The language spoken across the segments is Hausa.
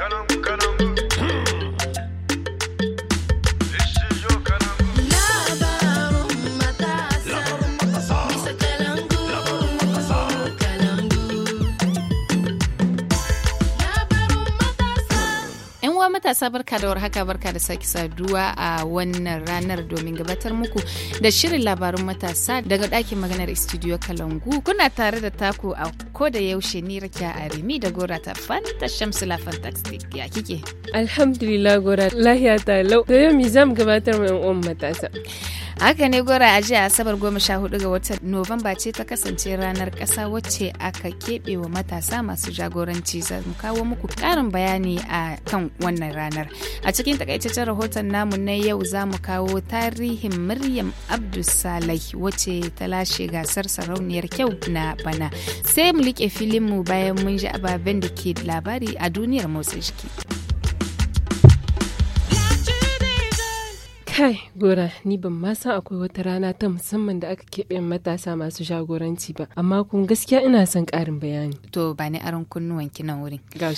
Shalom. matasa barka da warhaka barka da sake saduwa a wannan ranar domin gabatar muku da shirin labarun matasa daga ɗakin maganar studio Kalangu. Kuna tare da taku a ko da yaushe ni Rakiya remi da Gora ta Fanta Shamsula Fantastic ya kike. Alhamdulillah Gora lahiya ta lau. Da yau mi gabatar mu matasa. haka ne gora a jiya asabar goma sha hudu ga watan nuwamba ce ta kasance ranar kasa wacce aka keɓe wa matasa masu jagoranci mu kawo muku ƙarin bayani a kan wannan ranar a cikin takaitaccen rahoton namu na yau za mu kawo tarihin maryam abdulsalai wacce ta lashe gasar sarauniyar kyau na bana sai mu liƙe filin mu bayan mun ji ababen da ke labari a duniyar motsa jiki. Kai, Gora, ni ban ma san akwai wata rana ta musamman da aka keɓe matasa masu jagoranci ba, amma kun gaskiya ina son ƙarin bayani. To, ba ni aron kunnuwan kinan wurin. Ga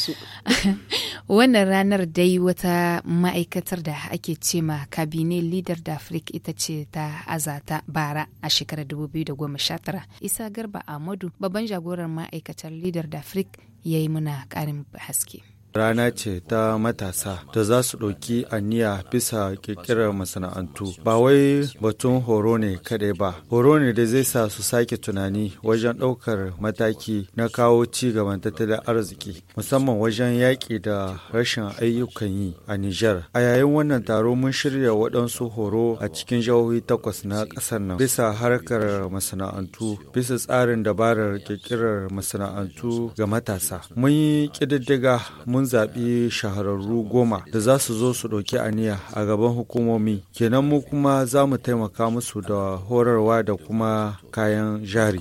Wannan ranar dai wata ma'aikatar da ake ce ma Kabine Leader da Afrik ita ce ta azata bara a shekarar 2019. Isa Garba Amadu babban jagorar ma'aikatar Leader da Afrik, ya yi muna ƙarin haske. rana ce ta matasa da za su ɗauki aniya bisa ƙirƙirar masana'antu ba wai batun horo ne kaɗai ba horo ne da zai sa su sake tunani wajen ɗaukar mataki na kawo ci gaban tattalin arziki musamman wajen yaƙi da rashin ayyukan yi a Nijar. A yayin wannan taro mun shirya waɗansu horo a cikin jihohi takwas na ƙasar nan bisa harkar masana'antu bisa tsarin dabarar ƙirƙirar masana'antu ga matasa. Mun yi ƙididdiga mun mun zaɓi shahararru goma da za su zo su ɗauki aniya a gaban hukumomi kenan mu kuma za mu taimaka musu da horarwa da kuma kayan jari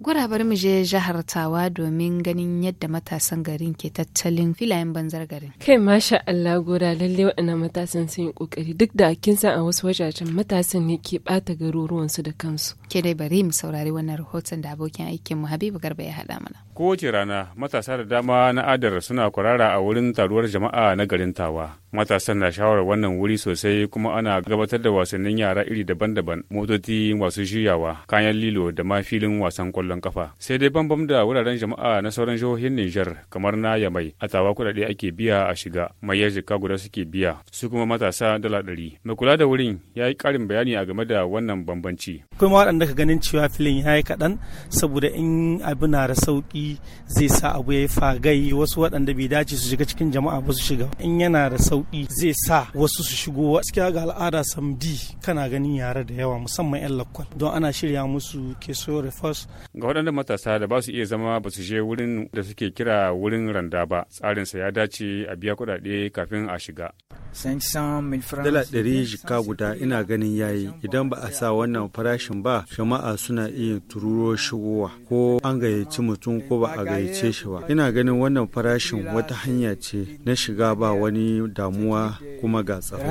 Gwara bari mu je jihar Tawa domin ganin yadda matasan garin ke tattalin filayen banzar garin. Kai masha Allah gora lalle waɗannan matasan sun yi ƙoƙari duk da kin san a wasu wajajen matasan ne ke ɓata garuruwansu da kansu. Ke dai bari mu saurari wannan rahoton da abokin aikinmu Habibu Garba ya haɗa mana. Kowace rana matasa da dama na adar suna kwarara a wurin taruwar jama'a na garin tawa. Matasan na shawarar wannan wuri sosai kuma ana gabatar da wasannin yara iri daban-daban motoci masu shiryawa kayan lilo da ma filin wasan kwallon kafa. Sai dai bambam da wuraren jama'a na sauran jihohin Nijar kamar na Yamai a tawa kuɗaɗe ake biya a shiga mai yaji guda suke biya su kuma matasa dala ɗari. Mai kula da wurin ya yi ƙarin bayani a game da wannan bambanci. Kuma waɗanda ka ganin cewa filin ya yi kaɗan saboda in abu na da sauƙi zai sa abu ya yi fagai wasu waɗanda bai dace su shiga cikin jama'a ba su shiga in yana da sauƙi zai sa wasu su shigo gaskiya ga al'ada samdi kana ganin yare da yawa musamman 'yan lakwal don ana shirya musu keso refers ga waɗanda matasa da ba su iya zama ba su je wurin da suke kira wurin randa ba tsarinsa ya dace a biya kuɗaɗe kafin a shiga Dala ɗari jika guda ina ganin yayi idan ba a sa wannan farashin ba jama'a suna iya tururo shigowa ko an gayyaci mutum ko ko ba a gayyace shi ba ina ganin wannan farashin wata hanya ce na shiga ba wani damuwa kuma ga tsaro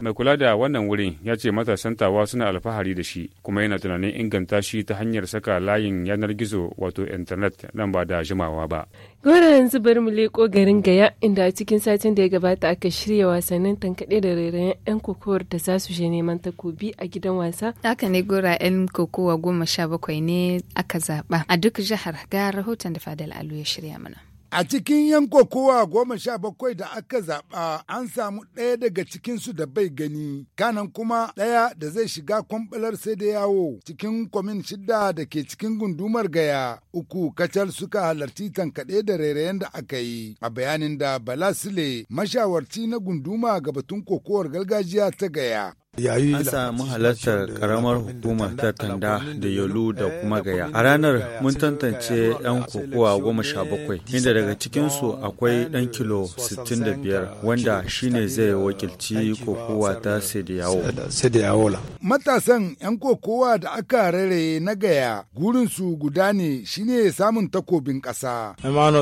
mai kula da wannan wurin ya ce matasan tawa suna alfahari da shi kuma yana tunanin inganta shi ta hanyar saka layin yanar gizo wato intanet nan ba da jimawa ba Gora yanzu bari mu leƙo garin Gaya inda a cikin satin da ya gabata aka shirya wasannin tankaɗe da rairayen 'yan kokowar da za su je neman takobi a gidan wasa. Haka ne gora 'yan kokowa goma sha bakwai ne aka zaɓa a duk jihar ga rahoton da Fadal Alu ya shirya mana. A cikin yanko kowa goma sha bakwai da aka zaɓa an samu ɗaya daga cikinsu da bai gani, kanan kuma ɗaya da zai shiga kwamɓalar sai da yawo cikin kwamin shidda da ke cikin gundumar gaya uku kacal suka halarci tankaɗe da rairayen da aka yi. A bayanin da Bala Sule mashawarci na gunduma ga batun kokowar gargajiya ta gaya An samu halartar karamar hukumar ta tanda da yalu da kuma gaya. A ranar mun tantance 'yan kokowa goma sha bakwai, inda daga cikinsu akwai ɗan kilo 65 wanda shine zai wakilci kokowa ta Sediyawola. Matasan 'yan kokowa da aka rere na gaya gurinsu guda ne shine samun takobin ƙasa.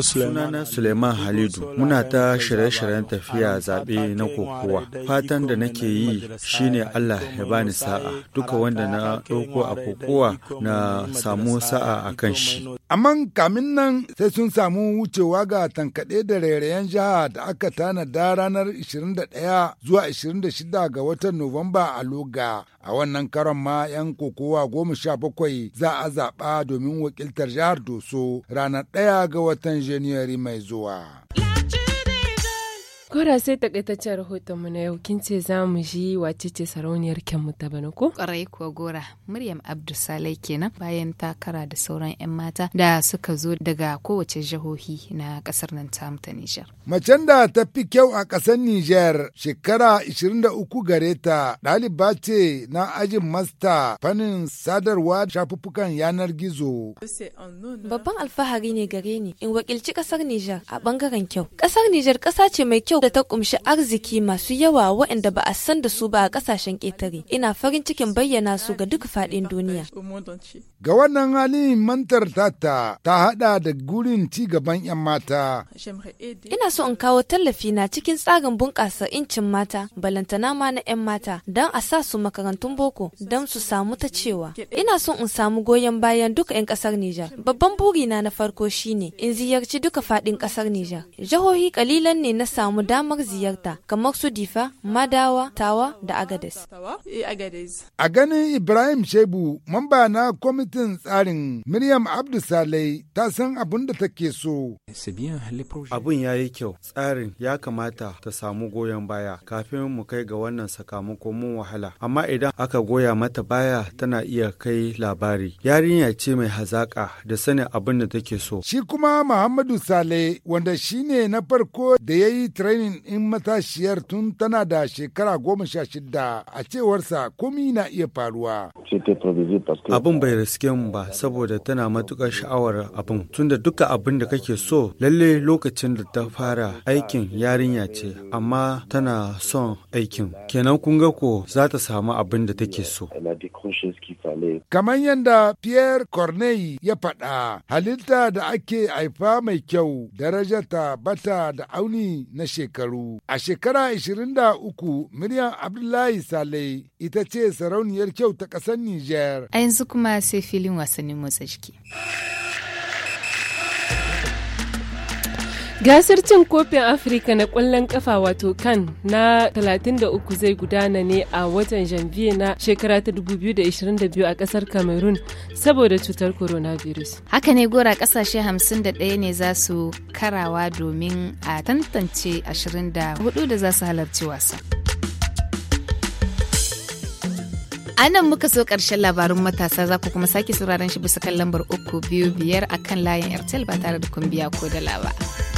Sunana Suleiman Halidu, muna ta shirye-shiryen tafiya zaɓe na kokowa. Fatan da nake yi shine ne Allah ya bani sa'a duka wanda na ɗauko a kokowa na samu sa'a a kan shi. Amman kamin nan sai sun samu wucewa ga tankaɗe da rairayen jiha da aka tanada ranar 21 zuwa 26 ga watan Nuwamba a Loga. A wannan karon ma 'yan kokowa goma sha bakwai za a zaɓa domin wakiltar jihar Doso ranar ɗaya ga watan Janairu mai zuwa. Kora sai takaitaccen mu na yau kin ce za mu ji wace ce sarauniyar kyanmu ta bana ko? Kwarai kuwa gora Maryam Abdulsalai kenan bayan takara da sauran 'yan mata da suka zo daga kowace jihohi na kasar nan ta ta Nijar. Macen da ta fi kyau a kasar Nijar shekara 23 gare ta ɗaliba ce na ajin masta fannin sadarwa shafuffukan yanar gizo. Babban alfahari ne gare ni in wakilci kasar Nijar a bangaren kyau. Kasar Nijar kasa ce mai kyau da ta kumshi arziki masu yawa waɗanda ba a san da su ba a ƙasashen ƙetare. Ina farin cikin bayyana su ga duk faɗin duniya. Ga wannan hali mantar tata ta haɗa da gurin ci gaban 'yan mata. Ina so in kawo tallafi na cikin tsarin bunƙasa incin mata, balantana ma na 'yan mata, don a sa su makarantun boko, don su samu ta cewa. Ina so in samu goyon bayan duka 'yan ƙasar Nijar. Babban burina na farko shine in ziyarci duka faɗin ƙasar Nijar. Jihohi kalilan ne na samu damar ziyarta kamar su Difa, Madawa, Tawa da Agades. Eh, A ganin Ibrahim Shebu, mamba na kwamitin tsarin Miriam Abdulsalai ta san abin da take so. Abun ya yi kyau, tsarin ya kamata ta samu goyon baya kafin mu kai ga wannan sakamako mun wahala. Amma idan aka goya mata baya tana iya kai labari. Yarinya ce mai hazaƙa da sanin abun da take so. Shi kuma Muhammadu Sale wanda shine na farko da ya yi Benin in matashiyar tun tana da shekara goma sha shida a cewarsa komi na iya faruwa. Abin bai riske mu ba saboda tana matuƙar sha'awar abin tunda duka abin da kake so lalle lokacin da ta fara aikin yarinya ce amma tana son aikin kenan kun ga ko za ta samu abin da take so. Kamar yadda Pierre Corneille ya faɗa halitta da ake haifa mai kyau darajarta bata da auni na shekara. shekaru. A shekara 23 Maryam Abdullahi Saleh ita ce sarauniyar kyau ta ƙasar Nijar. A yanzu kuma sai filin wasannin motsa jiki. Gasar cin kofin Afirka na kwallon ƙafa wato kan na 33 zai gudana ne a watan janvier na shekara ta 2022 a kasar Cameroon saboda cutar coronavirus. Haka ne gora kasashe 51 ne za su karawa domin a tantance 24 da za su halarci wasa. A nan muka so ƙarshen labarin matasa za ku kuma sake sauraron shi bisa kan lambar uku biyu biyar a kan layin Airtel ba tare da kumbiya ko da laba.